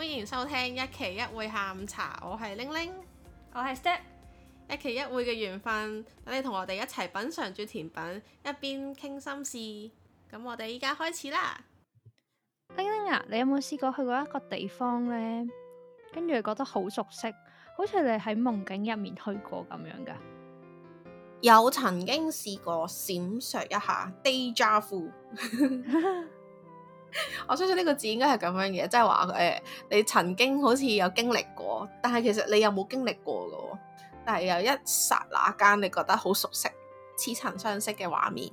歡迎收聽一期一會下午茶，我係玲玲，我係是 Step，一期一會嘅緣分，等你同我哋一齊品嘗住甜品，一邊傾心事。咁我哋依家開始啦。玲玲啊，你有冇試過去過一個地方呢？跟住覺得好熟悉，好似你喺夢境入面去過咁樣噶？有曾經試過閃爍一下 Deja Vu。 我相信呢個字應該係咁樣嘅，即係話誒，你曾經好似有經歷過，但係其實你又冇經歷過嘅，但係有一剎那間，你覺得好熟悉似曾相識嘅畫面。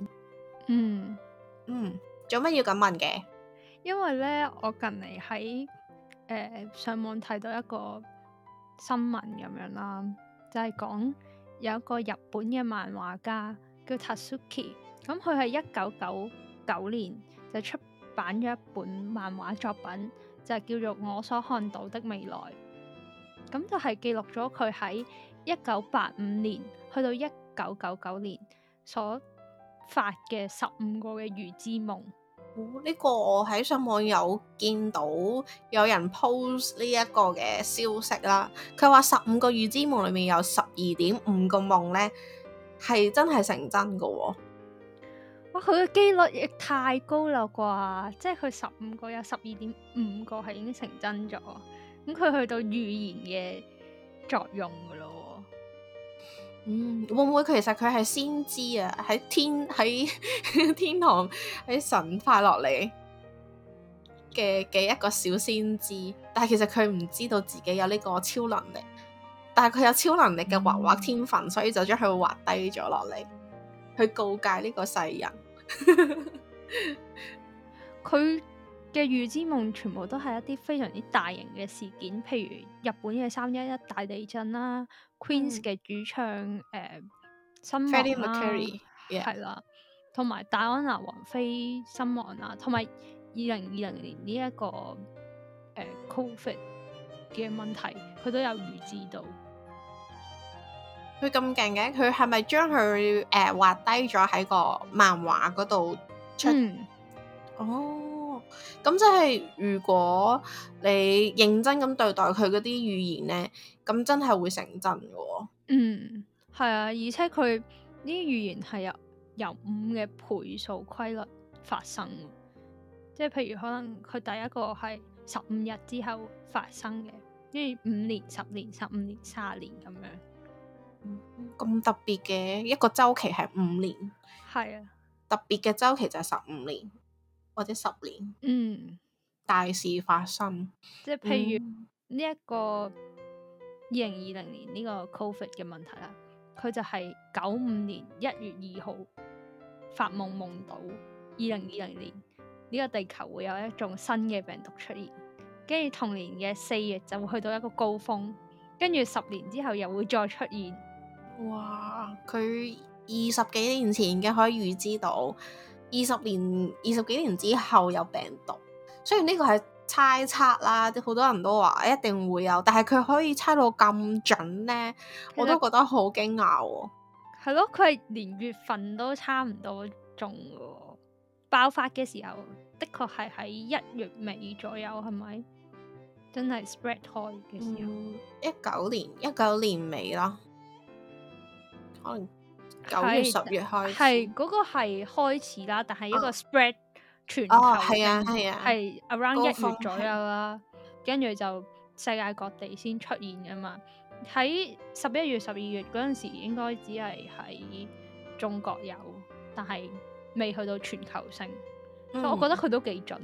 嗯嗯，做乜、嗯、要咁問嘅？因為咧，我近嚟喺誒上網睇到一個新聞咁樣啦，就係、是、講有一個日本嘅漫畫家叫 Tatsuki，咁佢係一九九九年就是、出版咗一本漫畫作品，就係、是、叫做《我所看到的未來》。咁就係記錄咗佢喺一九八五年去到一九九九年所發嘅十五個嘅預知夢。呢、哦呢個我喺上網有見到有人 post 呢一個嘅消息啦。佢話十五個預知夢裏面有十二點五個夢呢，係真係成真嘅喎、哦。哇！佢嘅機率亦太高啦啩，即係佢十五個有十二點五個係已經成真咗，咁佢去到預言嘅作用噶咯。嗯，會唔會其實佢係先知啊？喺天喺 天堂喺神派落嚟嘅嘅一個小先知，但係其實佢唔知道自己有呢個超能力，但係佢有超能力嘅畫畫天分，所以就將佢畫低咗落嚟。去告誡呢個世人，佢嘅預知夢全部都係一啲非常之大型嘅事件，譬如日本嘅三一一大地震啦、啊嗯、，Queen 嘅主唱誒、呃、身亡啦、啊，係啦、啊，同埋戴安娜王妃身亡啦、啊，同埋二零二零年呢、這、一個誒、呃、Covid 嘅問題，佢都有預知到。佢咁勁嘅，佢係咪將佢誒畫低咗喺個漫畫嗰度出？嗯、哦，咁即係如果你認真咁對待佢嗰啲語言咧，咁真係會成真嘅喎、哦。嗯，係啊，而且佢呢啲語言係由由五嘅倍數規律發生，即係譬如可能佢第一個係十五日之後發生嘅，即係五年、十年、十五年、卅年咁樣。咁、嗯、特別嘅一個周期係五年，係啊，特別嘅周期就係十五年或者十年。嗯，大事發生，即係、嗯、譬如呢一、這個二零二零年呢個 Covid 嘅問題啦，佢就係九五年一月二號發夢夢到二零二零年呢、這個地球會有一種新嘅病毒出現，跟住同年嘅四月就會去到一個高峰，跟住十年之後又會再出現。哇！佢二十幾年前嘅可以預知到二十年、二十幾年之後有病毒，雖然呢個係猜測啦，好多人都話一定會有，但係佢可以猜到咁準呢，其實，我都覺得好驚訝喎、啊。係咯，佢係連月份都差唔多中嘅喎。爆發嘅時候，的確係喺一月尾左右，係咪？真係 spread 開嘅時候，一九、嗯、年一九年尾咯。九月十月開係嗰、那個係開始啦，但係一個 spread、哦、全球嘅係、哦啊啊、是 around 一月左右啦，跟住是就世界各地先出現噶嘛。喺十一月十二月嗰陣時，應該只係喺中國有，但係未去到全球性。嗯、我覺得佢都幾準，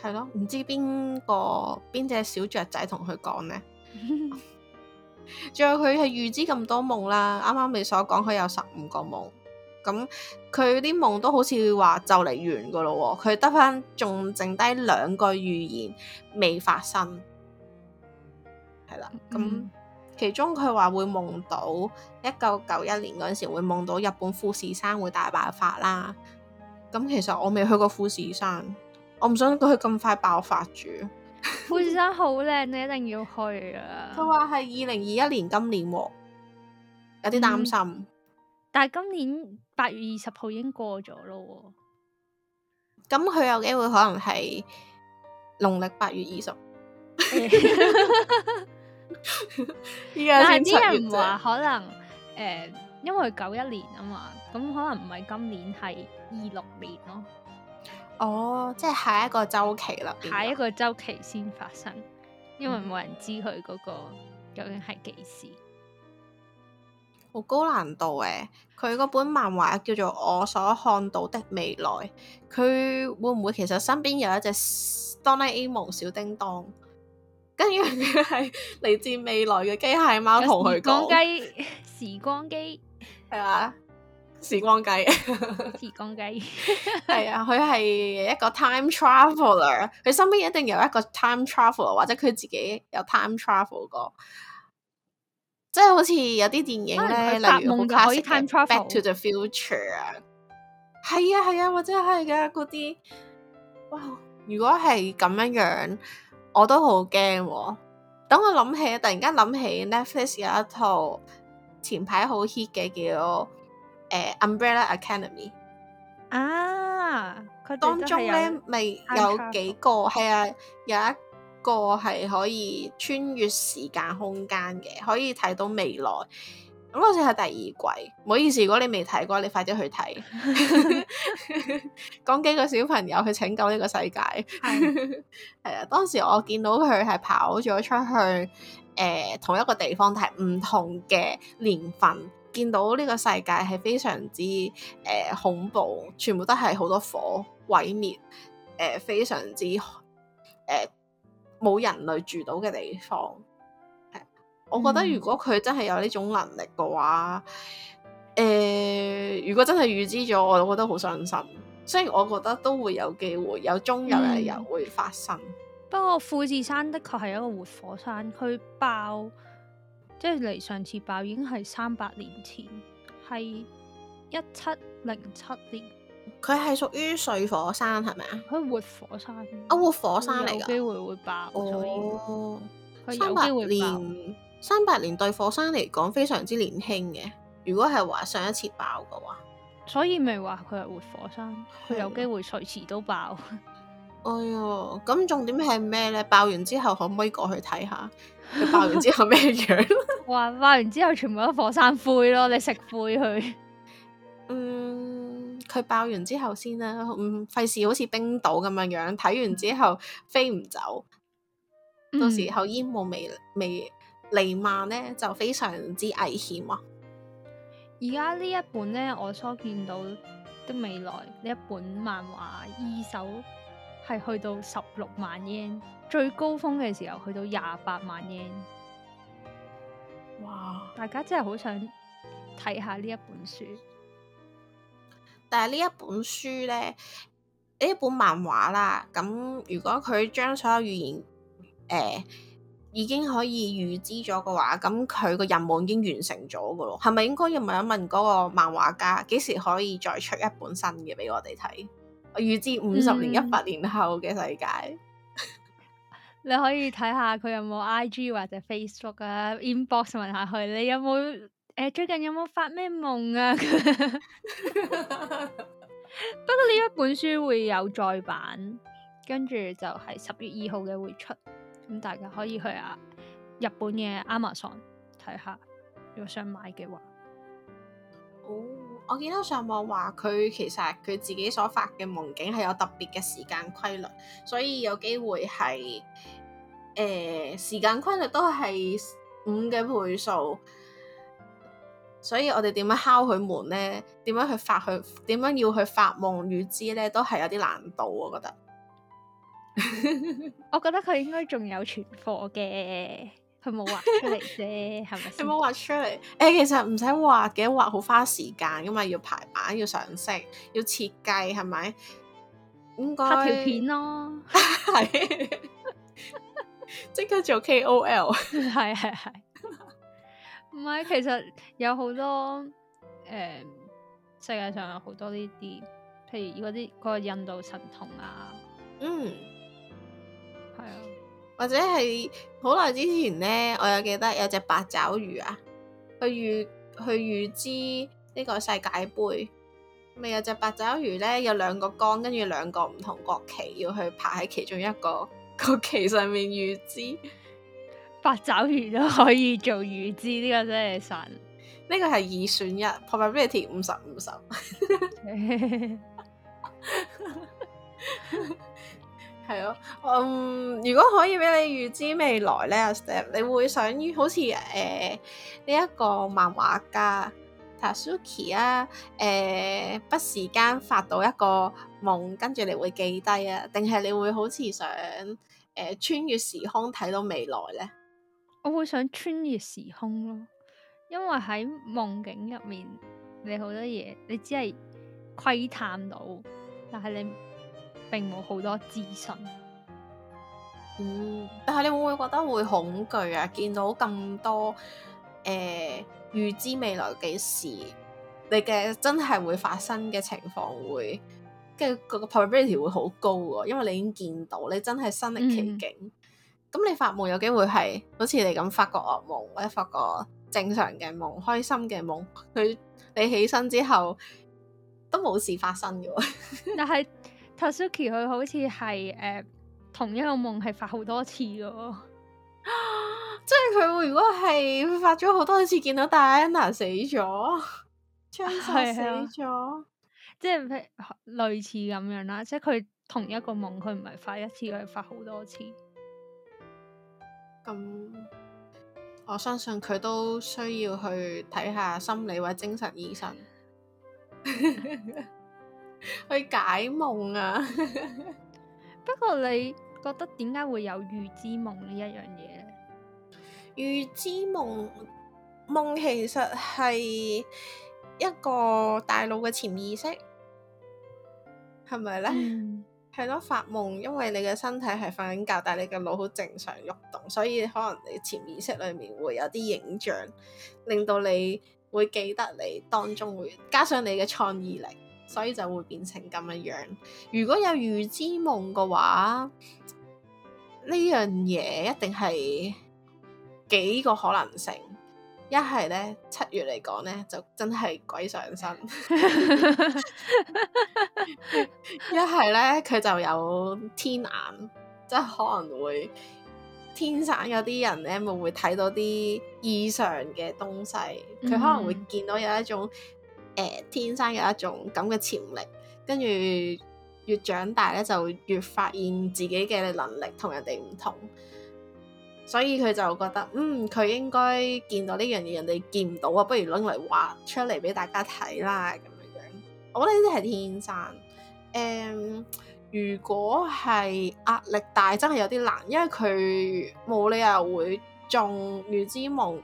係咯、嗯，唔、啊、知邊個邊隻小雀仔同佢講呢？ 仲有佢係預知咁多夢啦，啱啱你所講佢有十五個夢，咁佢啲夢都好似話就嚟完噶咯，佢得翻仲剩低兩個預言未發生，係啦，咁、嗯、其中佢話會夢到一九九一年嗰陣時會夢到日本富士山會大爆發啦，咁其實我未去過富士山，我唔想佢咁快爆發住。富士山好靚，你一定要去啊！佢話係二零二一年，嗯、今年有啲擔心，但係今年八月二十號已經過咗咯。咁佢有機會可能係農曆八月二十，但係啲人唔話可能誒、呃，因為九一年啊嘛，咁可能唔係今年，係二六年咯。哦，oh, 即係下一個周期啦，一下一個周期先發生，因為冇人知佢嗰個究竟係幾時。好、嗯、高難度誒！佢嗰本漫畫叫做《我所看到的未來》，佢會唔會其實身邊有一隻哆啦 A 夢小叮當？跟住佢係嚟自未來嘅機械貓同佢講時光機，時光機係嘛？ 時光雞， 時光雞係 啊！佢係一個 time traveler 佢身邊一定有一個 time traveler 或者佢自己有 time travel 過，即係好似有啲電影咧，啊、例如《夢嘅、啊、可以 time travel》《Back to the Future》啊，係啊係啊，或者係噶嗰啲。哇！如果係咁樣樣，我都好驚、哦。等我諗起，突然間諗起 Netflix 有一套前排好 hit 嘅叫。誒 Umbrella Academy 啊，佢、uh, 當中咧未有幾個？係 啊，有一個係可以穿越時間空間嘅，可以睇到未來。咁好似係第二季，唔好意思，如果你未睇過，你快啲去睇。講幾 個小朋友去拯救呢個世界，係 啊！當時我見到佢係跑咗出去，誒、呃、同一個地方，睇唔同嘅年份。見到呢個世界係非常之誒、呃、恐怖，全部都係好多火毀滅，誒、呃、非常之誒冇、呃、人類住到嘅地方。我覺得如果佢真係有呢種能力嘅話，誒、呃、如果真係預知咗，我就覺得好傷心。雖然我覺得都會有機會，有終有日會發生。嗯、 不過富士山的確係一個活火山，佢爆。即係離上次爆已經係三百年前，係一七零七年。佢係屬於睡火山係咪啊？佢活火山。啊，活火山嚟噶。有機會會爆。哦。所以佢有機會三百年，三百年對火山嚟講非常之年輕嘅。如果係話上一次爆嘅話，所以咪話佢係活火山，佢嗎有機會隨時都爆。 哎喲，咁重點係咩咧？爆完之後可唔可以過去睇下佢爆完之後咩樣？ 哇！爆完之後全部都火山灰咯，你食灰佢？嗯，佢爆完之後先啦，唔費事好似冰島咁樣樣。睇完之後飛唔走，嗯、到時候煙霧未未彌漫咧，就非常之危險啊！而家呢一本咧，我所見到的未來呢一本漫畫二手。係去到十六萬 yen，最高峰嘅時候去到廿八萬 yen。哇！大家真係好想睇下呢一本書。但係呢一本書呢，呢本漫畫啦，咁如果佢將所有語言誒、呃、已經可以預知咗嘅話，咁佢個任務已經完成咗噶咯。係咪應該要問一問嗰個漫畫家，幾時可以再出一本新嘅俾我哋睇？預知五十年、一百年後嘅世界，嗯， 你可以睇下佢有冇 I G 或者 Facebook 啊 inbox 問下佢，你有冇誒、呃、最近有冇發咩夢啊？不過呢一本書會有再版，跟住就係十月二號嘅會出，咁大家可以去啊日本嘅 Amazon 睇下，如果想買嘅話。Oh. 我見到上網話佢其實佢自己所發嘅夢境係有特別嘅時間規律，所以有機會係誒、呃、時間規律都係五嘅倍數，所以我哋點樣敲佢門呢？點樣去發佢？點樣要去發夢預知呢都係有啲難度，我覺得， 我覺得佢應該仲有存貨嘅。佢冇畫出嚟啫，係咪？佢冇畫出嚟。誒、 欸，其實唔使畫嘅，畫好花時間噶嘛，因為，要排版，要上色，要設計，係咪？咁拍條片咯，係即 刻做 KOL。係係係，唔係 其實有好多誒、呃，世界上有好多呢啲，譬如嗰啲嗰印度神童啊，嗯，係啊。或者係好耐之前呢，我有記得有隻八爪魚啊，去預佢預知呢個世界杯，咪、嗯、有隻八爪魚呢，有兩個缸，跟住兩個唔同國旗，要去排喺其中一個國旗上面預知。八爪魚都可以做預知，呢、這個真係神。呢個係二選一，probability 五十五十。 係咯，嗯，如果可以俾你預知未來咧，阿 Step，你會想好似誒呢一個漫畫家 Tatsuki 啊，誒、呃、不時間發到一個夢，跟住你會記低啊，定係你會好似想誒、呃、穿越時空睇到未來咧？我會想穿越時空咯，因為喺夢境入面，你好多嘢你只係窺探到，但係你。並冇好多資訊。嗯，但係你會唔會覺得會恐懼啊？見到咁多誒呃、預知未來嘅事，你嘅真係會發生嘅情況會，跟住個 probability 會好高嘅，因為你已經見到你真係身歷其境。咁、嗯、你發夢有機會係好似你咁發個噩夢，或者發個正常嘅夢、開心嘅夢，佢你起身之後都冇事發生嘅。 但係。Tosuki 佢好似係誒同一個夢係發好多次咯， 即係佢如果係發咗好多次見到戴 a n a 死咗，槍手死咗，即係類似咁樣啦。即係佢同一個夢，佢唔係發一次，佢發好多次。咁、嗯、我相信佢都需要去睇下心理或者精神醫生。 去解夢啊， 不過你覺得點解會有預知夢呢？一樣嘢預知夢夢其實係一個大腦嘅潛意識，係咪呢？係咯、嗯，發夢，因為你嘅身體係瞓緊覺，但係你嘅腦好正常喐動，所以可能你潛意識裏面會有啲影像，令到你會記得你當中會加上你嘅創意力。所以就會變成咁嘅樣。如果有預知夢嘅話，呢樣嘢一定係幾個可能性。一係咧七月嚟講咧，就真係鬼上身；一係咧佢就有天眼，即係可能會天生。有啲人咧會唔會睇到啲異常嘅東西，佢可能會見到有一種。嗯誒天生有一種咁嘅潛力，跟住越長大咧就越發現自己嘅能力同人哋唔同，所以佢就覺得，嗯，佢應該見到呢樣嘢，人哋見唔到啊，不如攞嚟畫出嚟俾大家睇啦咁樣。我覺得呢啲係天生。誒、嗯，如果係壓力大，真係有啲難，因為佢冇理由會中預知夢。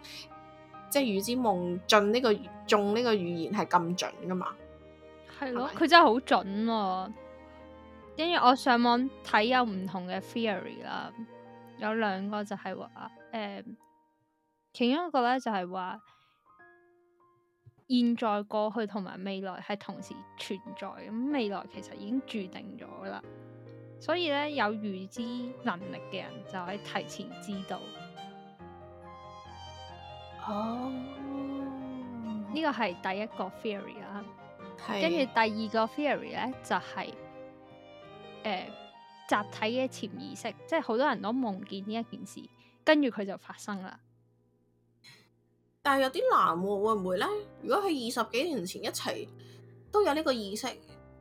即係預知夢盡呢個中呢個預言係咁準㗎嘛？係咯的，佢吧真係好準，哦。跟住我上網睇有唔同嘅 theory 啦，有兩個就係話，誒、嗯，其中一個咧就係、是、話，現在、過去同埋未來係同時存在。咁未來其實已經注定咗啦，所以咧有預知能力嘅人就可以提前知道。哦，呢個係第一個 theory 啦是，跟住第二個 theory 呢、就是，就、呃、係集體嘅潛意識，即係好多人都夢見呢一件事，跟住佢就發生啦。但係有啲難喎、啊，會唔會呢？如果佢二十幾年前一齊都有呢個意識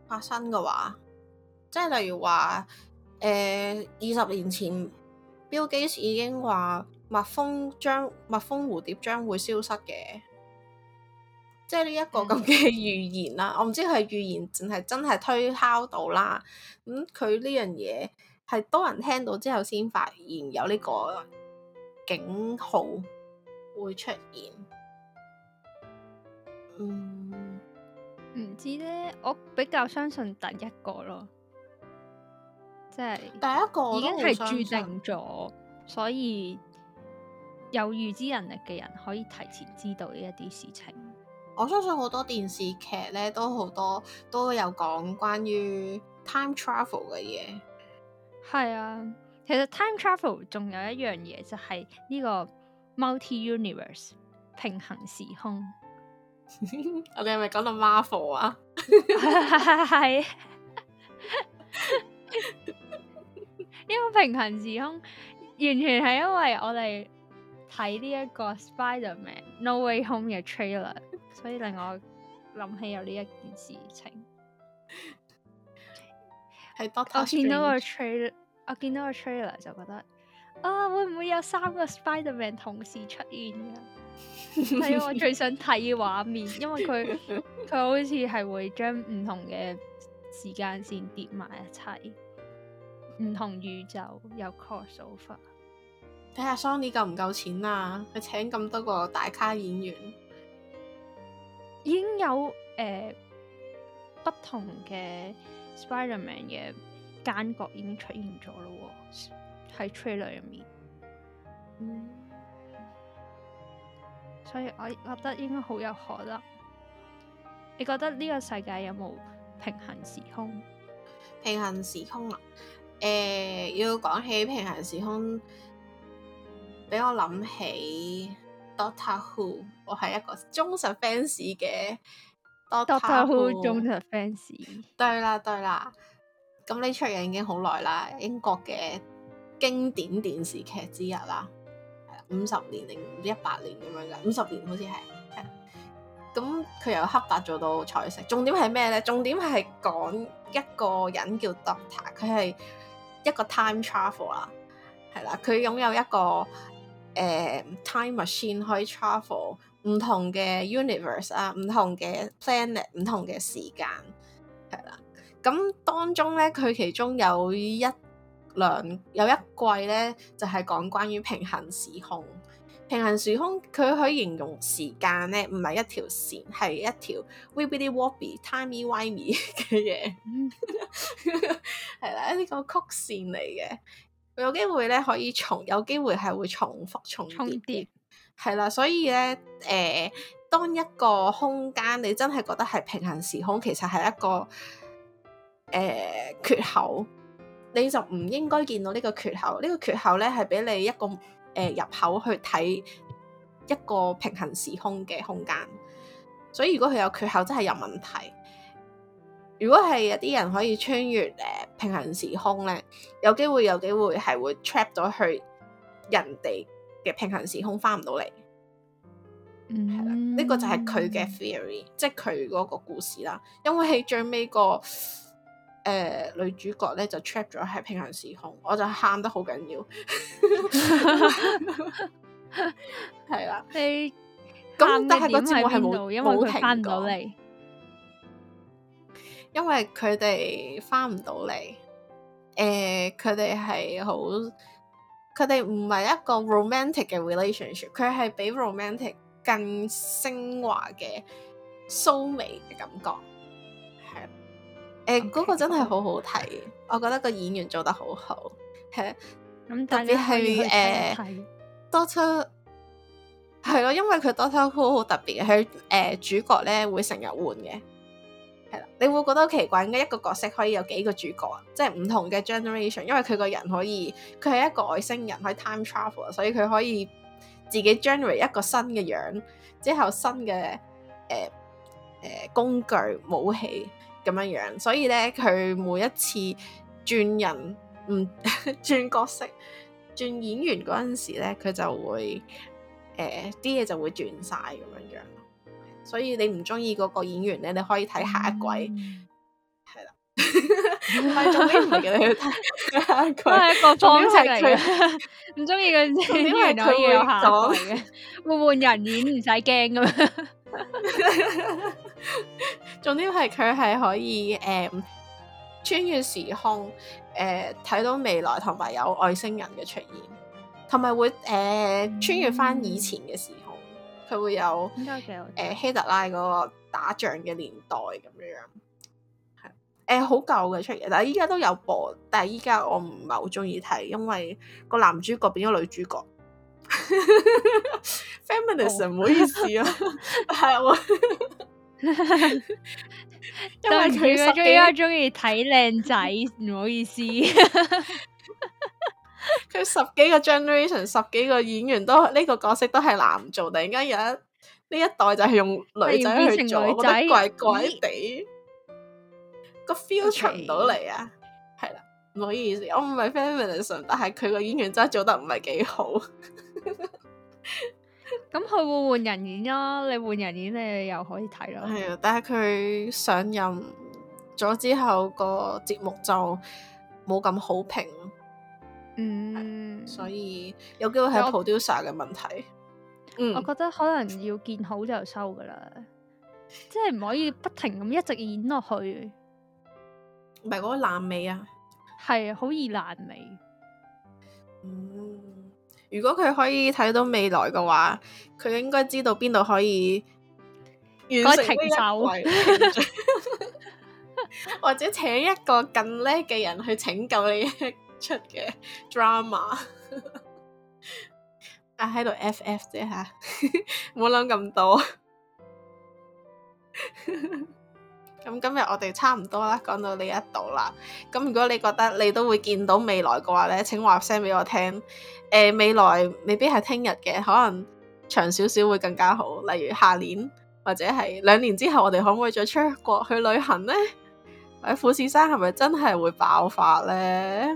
發生嘅話，即係例如話誒二十年前 Bill Gates 已經話。蜜蜂將，蜜蜂蝴蝶將會消失嘅，即係呢一個咁嘅預言啦。我唔知係預言定係真係推敲到啦。咁佢呢樣嘢係多人聽到之後先發現有呢個警號會出現。嗯，唔知咧，我比較相信第一個咯，即係第一個已經係注定咗，所以。有預知能力嘅人可以提前知道呢一啲事情。我相信好多電視劇咧都好多都有講關於 time travel 嘅嘢。係啊，其實 time travel 仲有一樣嘢就係、是、呢個 multi universe 平行時空。我哋係咪講到 Marvel 啊？係。呢個平行時空完全係因為我哋。睇呢一個 Spiderman No Way Home 嘅 trailer，所以令我諗起有呢一件事情。係 我見到個 trailer，我見到個 trailer 就覺得啊，會唔會有三個 Spiderman 同時出現？係 我最想睇嘅畫面，因為佢佢好似係會將唔同嘅時間線疊埋一齊，唔同宇宙有 crossover。睇下 Sony 夠唔夠錢啊！佢請咁多個大咖演員，已經有誒、呃、不同嘅 Spider-Man 嘅奸角已經出現咗咯喎，喺 trailer 入面，嗯。所以我覺得應該好有可能。你覺得呢個世界有冇平行時空？平行時空啊？誒、呃，要講起平行時空。俾我諗起 Doctor Who，我係一個忠實 fans 嘅 Doctor Who 忠實 fans。對啦，對啦。咁呢出嘢已經好耐啦，英國嘅經典電視劇之一啦，五十年定唔知一百年咁樣嘅，五十年好似係。咁佢由黑白做到彩色，重點係咩咧？重點係講一個人叫 Doctor，佢係一個 time travel 啦，係啦，佢擁有一個。誒 time machine 可以 travel 唔同嘅 universe 啊，唔同嘅 planet，唔同嘅時間，係啦。咁當中咧，佢其中有一兩有一季咧，就係講關於平行時空。平行時空佢可以形容時間咧，唔係一條線，係一條 wibbly wobbly timey wimey 嘅嘢，係啦，呢個曲線嚟嘅。有機會咧可以重，有機會係會重複重疊，係啦點。所以咧，誒、呃，當一個空間你真係覺得係平行時空，其實係一個誒、呃、缺口，你就唔應該見到呢個缺口。呢個缺口咧係俾你一個誒、呃、入口去睇一個平行時空嘅空間。所以如果佢有缺口，真係有問題。如果係有啲人可以穿越誒、呃、平行時空咧，有機會有機會係會 trap 咗去人哋嘅平行時空，翻唔到嚟。嗯，係啦，呢、呢個就係佢嘅 theory，即係佢嗰個故事啦。因為喺最尾個誒、呃、女主角咧就 trap 咗喺平行時空，我就喊得好緊要。係啦，你咁但係個節目係冇因為佢翻唔到嚟。因為佢哋翻唔到嚟，誒、呃，佢哋係好，佢哋唔係一個 romantic 嘅 relationship，佢係比 romantic 更升華嘅酥美嘅感覺，係，誒，嗰個真係好好睇，so 我覺得個演員做得好好，係、嗯，咁、嗯、特別係誒 doctor，係咯，因為佢 doctor Who 好特別嘅，佢誒、呃、主角咧會成日換嘅。係啦，你會覺得好奇怪，咁一個角色可以有幾個主角，啊，即係唔同嘅 generation，因為佢個人可以，佢係一個外星人可以 time travel，所以佢可以自己 generate 一個新嘅樣，之後新嘅誒誒工具武器咁樣樣，所以咧佢每一次轉人唔轉角色、轉演員陣時咧，佢就會誒啲嘢就會轉晒咁樣樣。所以你唔中意嗰個演員咧，你可以睇下一季，係啦、嗯，唔係仲有啲唔嘅你去睇，佢係一個方程式，唔中意個演員可以有下季嘅， 會換人演唔使驚咁樣。重點係佢係可以誒、嗯、穿越時空，誒、嗯、睇到未來同埋有,有外星人嘅出現，同埋會誒、嗯、穿越翻以前嘅時。佢會有誒 Okay, okay.、呃、希特拉嗰個打仗嘅年代咁樣樣，係誒好舊嘅出嘅，但係依家都有播，但係依家我唔係好中意睇，因為個男主角變咗女主角。 Feminism 唔 好意思啊，係我，因為佢依家中意睇靚仔，唔好意思。 佢十幾個 generation，十幾個演員都呢個角色都係男做，突然間有一呢一代就係用女仔去做，我覺得怪怪地，個 feel 出唔到嚟啊！係啦，唔好意思，我唔係 feminism，但係佢個演員真係做得唔係幾好。咁佢會換人演咯，你換人演你又可以睇咯。係啊，但係佢上任咗之後個節目就冇咁好評。嗯，所以有機會係 producer 嘅問題。嗯，我覺得可能要見好就收㗎喇， 即係唔可以不停咁一直演落去。唔係嗰個爛尾啊！係好易爛尾。嗯，如果佢可以睇到未來嘅話，佢應該知道邊度可以完成收尾停， 或者請一個更叻嘅人去拯救你。出嘅 drama，我喺度 ff 啫吓、啊，唔好諗咁多。咁 今日我哋差唔多啦，講到呢一度啦。咁如果你覺得你都會見到未來嘅話咧，請話聲俾我聽。誒、呃，未來未必係聽日嘅，可能長少少會更加好。例如下年或者係兩年之後，我哋可唔可以再出國去旅行咧？喺富士山係咪真係會爆發咧？